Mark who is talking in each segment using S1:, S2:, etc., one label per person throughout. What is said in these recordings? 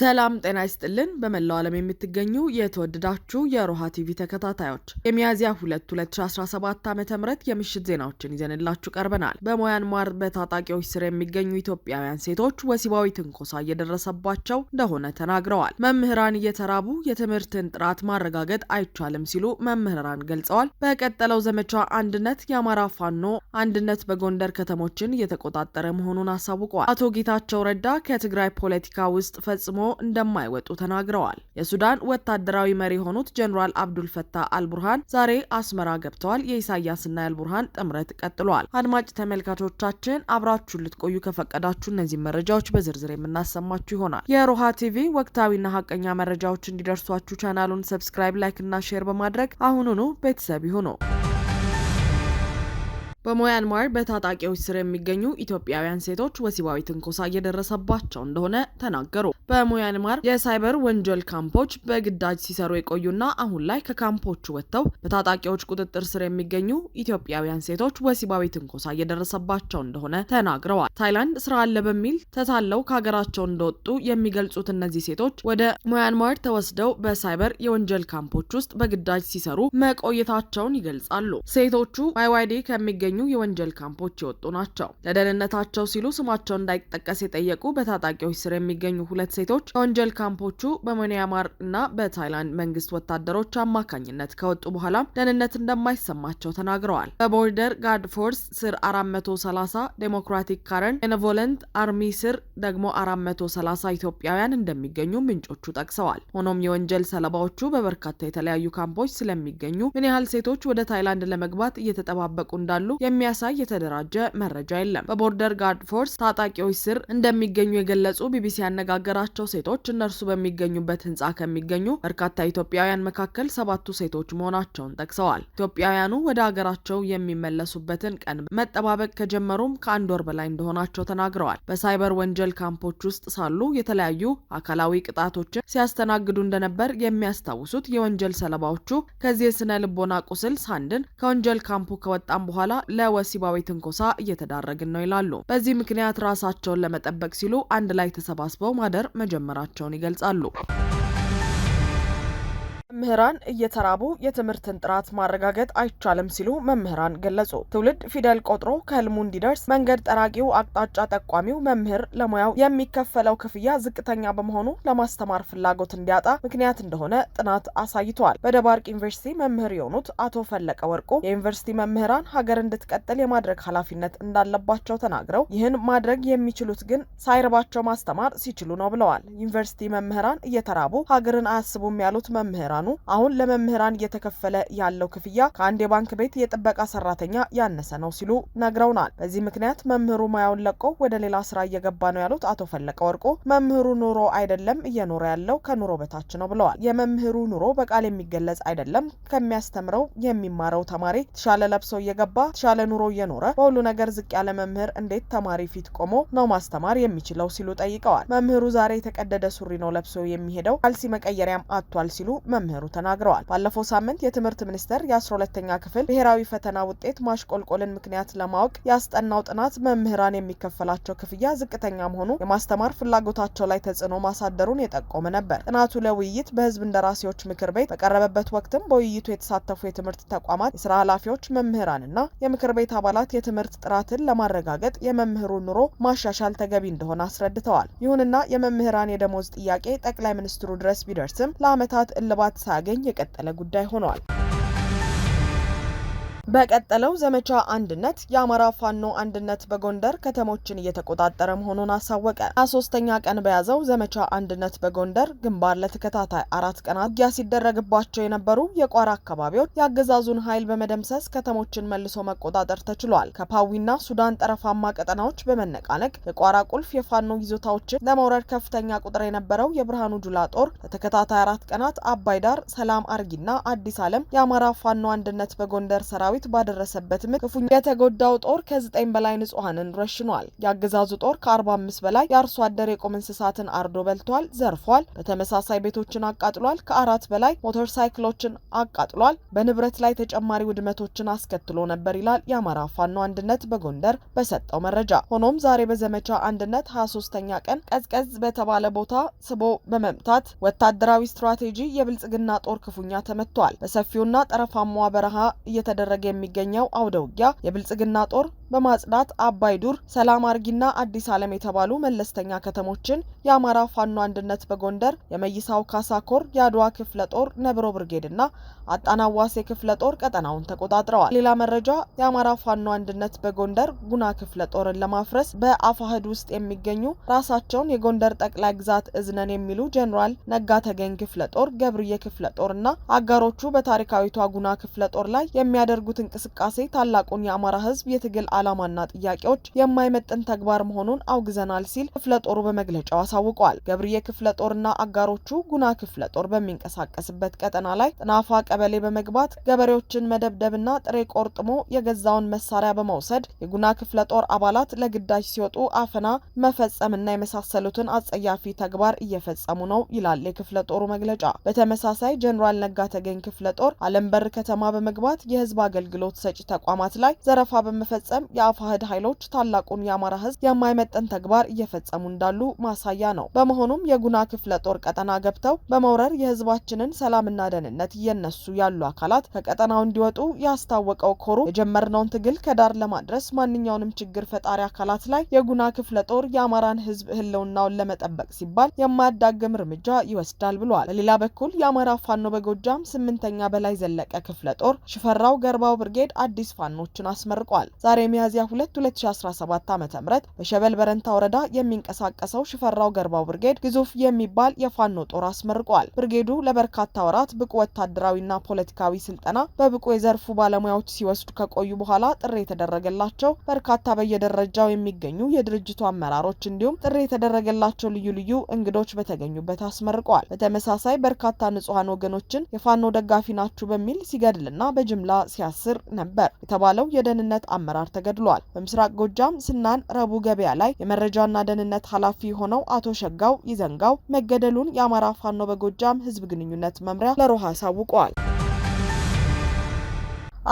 S1: ሰላም ጤና ይስጥልን። በመላው ዓለም የምትገኙ የተወደዳችሁ የሮሃ ቲቪ ተከታታዮች የሚያዝያ 2 2017 ዓ ም የምሽት ዜናዎችን ይዘንላችሁ ቀርበናል። በሞያንማር በታጣቂዎች ስር የሚገኙ ኢትዮጵያውያን ሴቶች ወሲባዊ ትንኮሳ እየደረሰባቸው እንደሆነ ተናግረዋል። መምህራን እየተራቡ የትምህርትን ጥራት ማረጋገጥ አይቻልም ሲሉ መምህራን ገልጸዋል። በቀጠለው ዘመቻ አንድነት የአማራ ፋኖ አንድነት በጎንደር ከተሞችን እየተቆጣጠረ መሆኑን አሳውቀዋል። አቶ ጌታቸው ረዳ ከትግራይ ፖለቲካ ውስጥ ፈጽሞ እንደማይወጡ ተናግረዋል። የሱዳን ወታደራዊ መሪ የሆኑት ጀኔራል አብዱልፈታህ አልቡርሃን ዛሬ አስመራ ገብተዋል። የኢሳያስና የአልቡርሃን ጥምረት ቀጥሏል። አድማጭ ተመልካቾቻችን አብራችሁን ልትቆዩ ከፈቀዳችሁ እነዚህ መረጃዎች በዝርዝር የምናሰማችሁ ይሆናል። የሮሃ ቲቪ ወቅታዊና ሀቀኛ መረጃዎች እንዲደርሷችሁ ቻናሉን ሰብስክራይብ፣ ላይክ እና ሼር በማድረግ አሁኑኑ ቤተሰብ ይሁኑ። በሙያንማር በታጣቂዎች ስር የሚገኙ ኢትዮጵያውያን ሴቶች ወሲባዊ ትንኮሳ እየደረሰባቸው እንደሆነ ተናገሩ። በሙያንማር የሳይበር ወንጀል ካምፖች በግዳጅ ሲሰሩ የቆዩና አሁን ላይ ከካምፖቹ ወጥተው በታጣቂዎች ቁጥጥር ስር የሚገኙ ኢትዮጵያውያን ሴቶች ወሲባዊ ትንኮሳ እየደረሰባቸው እንደሆነ ተናግረዋል። ታይላንድ ስራ አለ በሚል ተታለው ከሀገራቸው እንደወጡ የሚገልጹት እነዚህ ሴቶች ወደ ሙያንማር ተወስደው በሳይበር የወንጀል ካምፖች ውስጥ በግዳጅ ሲሰሩ መቆየታቸውን ይገልጻሉ። ሴቶቹ ማይዋይዴ ከሚገኙ የወንጀል ካምፖች የወጡ ናቸው። ለደህንነታቸው ሲሉ ስማቸው እንዳይጠቀስ የጠየቁ በታጣቂዎች ስር የሚገኙ ሁለት ሴቶች ከወንጀል ካምፖቹ በሞኒያማር እና በታይላንድ መንግስት ወታደሮች አማካኝነት ከወጡ በኋላ ደህንነት እንደማይሰማቸው ተናግረዋል። በቦርደር ጋርድ ፎርስ ስር 430 ዴሞክራቲክ ካረን የኔቮለንት አርሚ ስር ደግሞ 430 ኢትዮጵያውያን እንደሚገኙ ምንጮቹ ጠቅሰዋል። ሆኖም የወንጀል ሰለባዎቹ በበርካታ የተለያዩ ካምፖች ስለሚገኙ ምን ያህል ሴቶች ወደ ታይላንድ ለመግባት እየተጠባበቁ እንዳሉ የሚያሳይ የተደራጀ መረጃ የለም። በቦርደር ጋርድ ፎርስ ታጣቂዎች ስር እንደሚገኙ የገለጹ ቢቢሲ ያነጋገራቸው ሴቶች እነርሱ በሚገኙበት ህንፃ ከሚገኙ በርካታ ኢትዮጵያውያን መካከል ሰባቱ ሴቶች መሆናቸውን ጠቅሰዋል። ኢትዮጵያውያኑ ወደ ሀገራቸው የሚመለሱበትን ቀን መጠባበቅ ከጀመሩም ከአንድ ወር በላይ እንደሆናቸው ተናግረዋል። በሳይበር ወንጀል ካምፖች ውስጥ ሳሉ የተለያዩ አካላዊ ቅጣቶችን ሲያስተናግዱ እንደነበር የሚያስታውሱት የወንጀል ሰለባዎቹ ከዚህ የስነ ልቦና ቁስል ሳንድን ከወንጀል ካምፑ ከወጣም በኋላ ለወሲባዊ ትንኮሳ እየተዳረግን ነው ይላሉ። በዚህ ምክንያት ራሳቸውን ለመጠበቅ ሲሉ አንድ ላይ ተሰባስበው ማደር መጀመራቸውን ይገልጻሉ። መምህራን እየተራቡ የትምህርትን ጥራት ማረጋገጥ አይቻልም ሲሉ መምህራን ገለጹ። ትውልድ ፊደል ቆጥሮ ከህልሙ እንዲደርስ መንገድ ጠራቂው አቅጣጫ ጠቋሚው መምህር ለሙያው የሚከፈለው ክፍያ ዝቅተኛ በመሆኑ ለማስተማር ፍላጎት እንዲያጣ ምክንያት እንደሆነ ጥናት አሳይቷል። በደባርቅ ዩኒቨርሲቲ መምህር የሆኑት አቶ ፈለቀ ወርቁ የዩኒቨርሲቲ መምህራን ሀገር እንድትቀጥል የማድረግ ኃላፊነት እንዳለባቸው ተናግረው ይህን ማድረግ የሚችሉት ግን ሳይርባቸው ማስተማር ሲችሉ ነው ብለዋል። ዩኒቨርሲቲ መምህራን እየተራቡ ሀገርን አያስቡም ያሉት መምህራኑ አሁን ለመምህራን እየተከፈለ ያለው ክፍያ ከአንድ የባንክ ቤት የጥበቃ ሰራተኛ ያነሰ ነው ሲሉ ነግረውናል። በዚህ ምክንያት መምህሩ ሙያውን ለቆ ወደ ሌላ ስራ እየገባ ነው ያሉት አቶ ፈለቀ ወርቁ መምህሩ ኑሮ አይደለም እየኖረ ያለው ከኑሮ በታች ነው ብለዋል። የመምህሩ ኑሮ በቃል የሚገለጽ አይደለም። ከሚያስተምረው የሚማረው ተማሪ ተሻለ ለብሶ እየገባ ተሻለ ኑሮ እየኖረ በሁሉ ነገር ዝቅ ያለ መምህር እንዴት ተማሪ ፊት ቆሞ ነው ማስተማር የሚችለው ሲሉ ጠይቀዋል። መምህሩ ዛሬ የተቀደደ ሱሪ ነው ለብሶ የሚሄደው፣ ካልሲ መቀየሪያም አጥቷል ሲሉ መምህሩ እንደሚሰሩ ተናግረዋል። ባለፈው ሳምንት የትምህርት ሚኒስቴር የ12ተኛ ክፍል ብሔራዊ ፈተና ውጤት ማሽቆልቆልን ምክንያት ለማወቅ ያስጠናው ጥናት መምህራን የሚከፈላቸው ክፍያ ዝቅተኛ መሆኑ የማስተማር ፍላጎታቸው ላይ ተጽዕኖ ማሳደሩን የጠቆመ ነበር። ጥናቱ ለውይይት በህዝብ እንደራሴዎች ምክር ቤት በቀረበበት ወቅትም በውይይቱ የተሳተፉ የትምህርት ተቋማት የስራ ኃላፊዎች፣ መምህራንና የምክር ቤት አባላት የትምህርት ጥራትን ለማረጋገጥ የመምህሩ ኑሮ ማሻሻል ተገቢ እንደሆነ አስረድተዋል። ይሁንና የመምህራን የደሞዝ ጥያቄ ጠቅላይ ሚኒስትሩ ድረስ ቢደርስም ለዓመታት እልባት ሳገኝ የቀጠለ ጉዳይ ሆኗል። በቀጠለው ዘመቻ አንድነት የአማራ ፋኖ አንድነት በጎንደር ከተሞችን እየተቆጣጠረ መሆኑን አሳወቀ። ሶስተኛ ቀን በያዘው ዘመቻ አንድነት በጎንደር ግንባር ለተከታታይ አራት ቀናት ውጊያ ሲደረግባቸው የነበሩ የቋራ አካባቢዎች የአገዛዙን ኃይል በመደምሰስ ከተሞችን መልሶ መቆጣጠር ተችሏል። ከፓዊና ሱዳን ጠረፋማ ቀጠናዎች በመነቃነቅ የቋራ ቁልፍ የፋኖ ይዞታዎችን ለመውረድ ከፍተኛ ቁጥር የነበረው የብርሃኑ ጁላ ጦር ለተከታታይ አራት ቀናት አባይ ዳር፣ ሰላም አርጊና አዲስ ዓለም የአማራ ፋኖ አንድነት በጎንደር ሰራዊት ሰራዊት ባደረሰበት ምት ክፉኛ የተጎዳው ጦር ከዘጠኝ በላይ ንጹሐንን ረሽኗል። የአገዛዙ ጦር ከ45 በላይ የአርሶ አደር የቁም እንስሳትን አርዶ በልቷል፣ ዘርፏል። በተመሳሳይ ቤቶችን አቃጥሏል። ከአራት በላይ ሞተር ሳይክሎችን አቃጥሏል። በንብረት ላይ ተጨማሪ ውድመቶችን አስከትሎ ነበር ይላል የአማራ ፋኖ አንድነት በጎንደር በሰጠው መረጃ። ሆኖም ዛሬ በዘመቻ አንድነት 23ኛ ቀን ቀዝቀዝ በተባለ ቦታ ስቦ በመምታት ወታደራዊ ስትራቴጂ የብልጽግና ጦር ክፉኛ ተመቷል። በሰፊውና ጠረፋማ በረሃ እየተደረገ የሚገኘው አውደውጊያ የብልጽግና ጦር በማጽዳት አባይ ዱር፣ ሰላም አርጊና አዲስ ዓለም የተባሉ መለስተኛ ከተሞችን የአማራ ፋኖ አንድነት በጎንደር የመይሳው ካሳኮር የአድዋ ክፍለ ጦር ነብሮ ብርጌድና አጣናዋሴ ክፍለ ጦር ቀጠናውን ተቆጣጥረዋል። ሌላ መረጃ የአማራ ፋኖ አንድነት በጎንደር ጉና ክፍለ ጦርን ለማፍረስ በአፋህድ ውስጥ የሚገኙ ራሳቸውን የጎንደር ጠቅላይ ግዛት እዝነን የሚሉ ጀኔራል ነጋ ተገኝ ክፍለ ጦር፣ ገብርዬ ክፍለ ጦርና አጋሮቹ በታሪካዊቷ ጉና ክፍለ ጦር ላይ የሚያደርጉት እንቅስቃሴ ታላቁን የአማራ ህዝብ የትግል ዓላማና ጥያቄዎች የማይመጥን ተግባር መሆኑን አውግዘናል ሲል ክፍለ ጦሩ በመግለጫው አሳውቋል። ገብርዬ ክፍለ ጦርና አጋሮቹ ጉና ክፍለ ጦር በሚንቀሳቀስበት ቀጠና ላይ ጥናፋ ቀበሌ በመግባት ገበሬዎችን መደብደብና ጥሬ ቆርጥሞ የገዛውን መሳሪያ በመውሰድ የጉና ክፍለ ጦር አባላት ለግዳጅ ሲወጡ አፈና መፈጸምና የመሳሰሉትን አጸያፊ ተግባር እየፈጸሙ ነው ይላል የክፍለ ጦሩ መግለጫ። በተመሳሳይ ጀኔራል ነጋ ተገኝ ክፍለ ጦር አለምበር ከተማ በመግባት የህዝብ አገልግሎት ሰጪ ተቋማት ላይ ዘረፋ በመፈጸም የአፋህድ ኃይሎች ታላቁን የአማራ ህዝብ የማይመጠን ተግባር እየፈጸሙ እንዳሉ ማሳያ ነው። በመሆኑም የጉና ክፍለ ጦር ቀጠና ገብተው በመውረር የህዝባችንን ሰላምና ደህንነት እየነሱ ያሉ አካላት ከቀጠናው እንዲወጡ ያስታወቀው ኮሩ የጀመርነውን ትግል ከዳር ለማድረስ ማንኛውንም ችግር ፈጣሪ አካላት ላይ የጉና ክፍለ ጦር የአማራን ህዝብ ህልውናውን ለመጠበቅ ሲባል የማያዳግም እርምጃ ይወስዳል ብሏል። በሌላ በኩል የአማራ ፋኖ በጎጃም ስምንተኛ በላይ ዘለቀ ክፍለ ጦር ሽፈራው ገርባው ብርጌድ አዲስ ፋኖችን አስመርቋል። ዛሬ ሚያዝያ 2 2017 ዓ ም በሸበል በረንታ ወረዳ የሚንቀሳቀሰው ሽፈራው ገርባው ብርጌድ ግዙፍ የሚባል የፋኖ ጦር አስመርቋል። ብርጌዱ ለበርካታ ወራት ብቁ ወታደራዊና ፖለቲካዊ ስልጠና በብቁ የዘርፉ ባለሙያዎች ሲወስዱ ከቆዩ በኋላ ጥሪ የተደረገላቸው በርካታ በየደረጃው የሚገኙ የድርጅቱ አመራሮች እንዲሁም ጥሪ የተደረገላቸው ልዩ ልዩ እንግዶች በተገኙበት አስመርቀዋል። በተመሳሳይ በርካታ ንጹሐን ወገኖችን የፋኖ ደጋፊ ናችሁ በሚል ሲገድልና በጅምላ ሲያስር ነበር የተባለው የደህንነት አመራር ተገ ተገድሏል። በምስራቅ ጎጃም ስናን ረቡ ገበያ ላይ የመረጃና ደህንነት ኃላፊ ሆነው አቶ ሸጋው ይዘንጋው መገደሉን የአማራ ፋኖ በጎጃም ህዝብ ግንኙነት መምሪያ ለሮሃ አሳውቋል።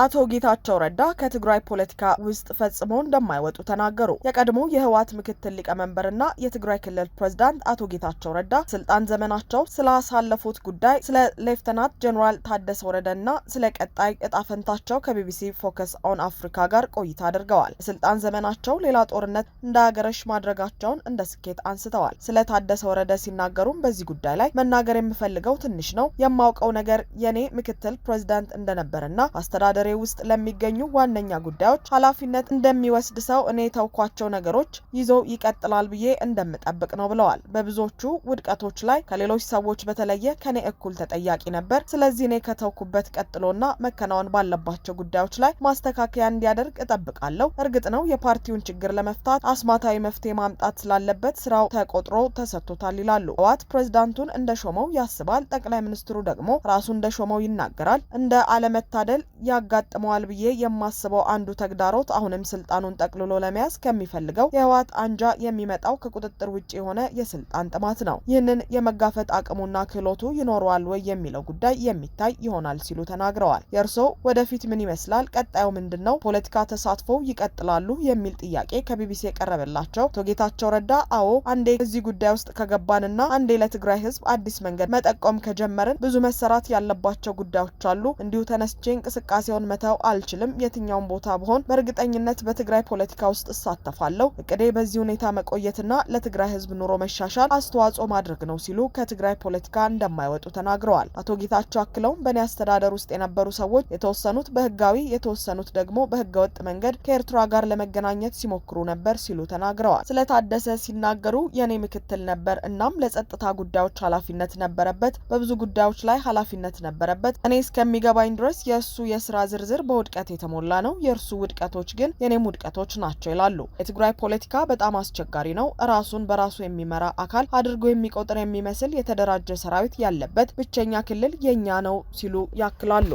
S1: አቶ ጌታቸው ረዳ ከትግራይ ፖለቲካ ውስጥ ፈጽሞ እንደማይወጡ ተናገሩ። የቀድሞ የህወሓት ምክትል ሊቀመንበርና የትግራይ ክልል ፕሬዝዳንት አቶ ጌታቸው ረዳ ስልጣን ዘመናቸው ስላሳለፉት ጉዳይ፣ ስለ ሌፍተናንት ጀኔራል ታደሰ ወረደና ስለ ቀጣይ እጣፈንታቸው ከቢቢሲ ፎከስ ኦን አፍሪካ ጋር ቆይታ አድርገዋል። የስልጣን ዘመናቸው ሌላ ጦርነት እንዳያገረሽ ማድረጋቸውን እንደ ስኬት አንስተዋል። ስለ ታደሰ ወረደ ሲናገሩም በዚህ ጉዳይ ላይ መናገር የምፈልገው ትንሽ ነው። የማውቀው ነገር የኔ ምክትል ፕሬዝዳንት እንደነበርና አስተዳደ አስተዳደሬ ውስጥ ለሚገኙ ዋነኛ ጉዳዮች ኃላፊነት እንደሚወስድ ሰው እኔ የተውኳቸው ነገሮች ይዞ ይቀጥላል ብዬ እንደምጠብቅ ነው ብለዋል። በብዙዎቹ ውድቀቶች ላይ ከሌሎች ሰዎች በተለየ ከኔ እኩል ተጠያቂ ነበር። ስለዚህ እኔ ከተውኩበት ቀጥሎና መከናወን ባለባቸው ጉዳዮች ላይ ማስተካከያ እንዲያደርግ እጠብቃለሁ። እርግጥ ነው የፓርቲውን ችግር ለመፍታት አስማታዊ መፍትሄ ማምጣት ስላለበት ስራው ተቆጥሮ ተሰጥቶታል ይላሉ። ህወሓት ፕሬዚዳንቱን እንደሾመው ያስባል፣ ጠቅላይ ሚኒስትሩ ደግሞ ራሱ እንደሾመው ይናገራል። እንደ አለመታደል ያ ያጋጥመዋል ብዬ የማስበው አንዱ ተግዳሮት አሁንም ስልጣኑን ጠቅልሎ ለመያዝ ከሚፈልገው የህወሓት አንጃ የሚመጣው ከቁጥጥር ውጭ የሆነ የስልጣን ጥማት ነው። ይህንን የመጋፈጥ አቅሙና ክህሎቱ ይኖረዋል ወይ የሚለው ጉዳይ የሚታይ ይሆናል ሲሉ ተናግረዋል። የእርሶ ወደፊት ምን ይመስላል? ቀጣዩ ምንድን ነው? ፖለቲካ ተሳትፎው ይቀጥላሉ? የሚል ጥያቄ ከቢቢሲ የቀረበላቸው አቶ ጌታቸው ረዳ አዎ፣ አንዴ እዚህ ጉዳይ ውስጥ ከገባንና አንዴ ለትግራይ ህዝብ አዲስ መንገድ መጠቆም ከጀመርን ብዙ መሰራት ያለባቸው ጉዳዮች አሉ። እንዲሁ ተነስቼ እንቅስቃሴ ፖለቲካውን መተው አልችልም። የትኛውን ቦታ ብሆን በእርግጠኝነት በትግራይ ፖለቲካ ውስጥ እሳተፋለሁ። እቅዴ በዚህ ሁኔታ መቆየትና ለትግራይ ህዝብ ኑሮ መሻሻል አስተዋጽኦ ማድረግ ነው ሲሉ ከትግራይ ፖለቲካ እንደማይወጡ ተናግረዋል። አቶ ጌታቸው አክለውም በእኔ አስተዳደር ውስጥ የነበሩ ሰዎች የተወሰኑት በህጋዊ የተወሰኑት ደግሞ በህገወጥ መንገድ ከኤርትራ ጋር ለመገናኘት ሲሞክሩ ነበር ሲሉ ተናግረዋል። ስለ ታደሰ ሲናገሩ የእኔ ምክትል ነበር። እናም ለጸጥታ ጉዳዮች ኃላፊነት ነበረበት። በብዙ ጉዳዮች ላይ ኃላፊነት ነበረበት። እኔ እስከሚገባኝ ድረስ የእሱ የስራ ዝርዝር በውድቀት የተሞላ ነው። የእርሱ ውድቀቶች ግን የኔም ውድቀቶች ናቸው ይላሉ። የትግራይ ፖለቲካ በጣም አስቸጋሪ ነው። ራሱን በራሱ የሚመራ አካል አድርጎ የሚቆጥር የሚመስል የተደራጀ ሰራዊት ያለበት ብቸኛ ክልል የኛ ነው ሲሉ ያክላሉ።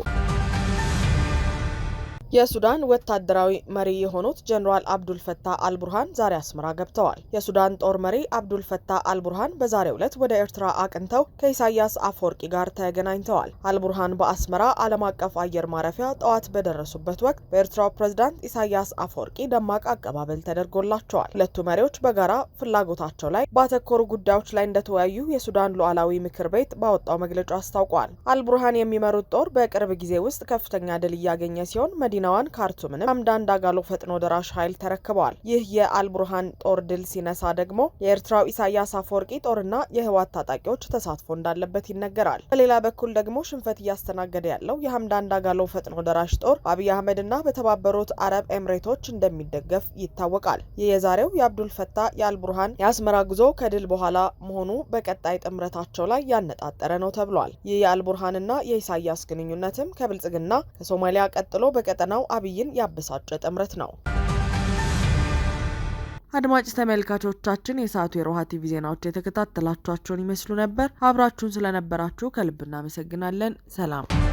S1: የሱዳን ወታደራዊ መሪ የሆኑት ጀኔራል አብዱልፈታህ አልቡርሃን ዛሬ አስመራ ገብተዋል። የሱዳን ጦር መሪ አብዱልፈታህ አልቡርሃን በዛሬው ዕለት ወደ ኤርትራ አቅንተው ከኢሳያስ አፈወርቂ ጋር ተገናኝተዋል። አልቡርሃን በአስመራ ዓለም አቀፍ አየር ማረፊያ ጠዋት በደረሱበት ወቅት በኤርትራው ፕሬዝዳንት ኢሳያስ አፈወርቂ ደማቅ አቀባበል ተደርጎላቸዋል። ሁለቱ መሪዎች በጋራ ፍላጎታቸው ላይ ባተኮሩ ጉዳዮች ላይ እንደተወያዩ የሱዳን ሉዓላዊ ምክር ቤት ባወጣው መግለጫ አስታውቋል። አልቡርሃን የሚመሩት ጦር በቅርብ ጊዜ ውስጥ ከፍተኛ ድል እያገኘ ሲሆን መዲና መዲናዋን ካርቱምንም ሐምዳን ዳጋሎ ፈጥኖ ደራሽ ኃይል ተረክበዋል። ይህ የአልቡርሃን ጦር ድል ሲነሳ ደግሞ የኤርትራው ኢሳያስ አፈወርቂ ጦርና የህወሓት ታጣቂዎች ተሳትፎ እንዳለበት ይነገራል። በሌላ በኩል ደግሞ ሽንፈት እያስተናገደ ያለው የሐምዳን ዳጋሎ ፈጥኖ ደራሽ ጦር በአብይ አህመድና በተባበሩት አረብ ኤምሬቶች እንደሚደገፍ ይታወቃል። ይህ የዛሬው የአብዱል ፈታ የአልቡርሃን የአስመራ ጉዞ ከድል በኋላ መሆኑ በቀጣይ ጥምረታቸው ላይ ያነጣጠረ ነው ተብሏል። ይህ የአልቡርሃንና የኢሳያስ ግንኙነትም ከብልጽግና ከሶማሊያ ቀጥሎ በቀጠና ነው አብይን ያበሳጨ ጥምረት ነው። አድማጭ ተመልካቾቻችን የሰዓቱ የሮሃ ቲቪ ዜናዎች የተከታተላችኋቸውን ይመስሉ ነበር። አብራችሁን ስለነበራችሁ ከልብ እናመሰግናለን። ሰላም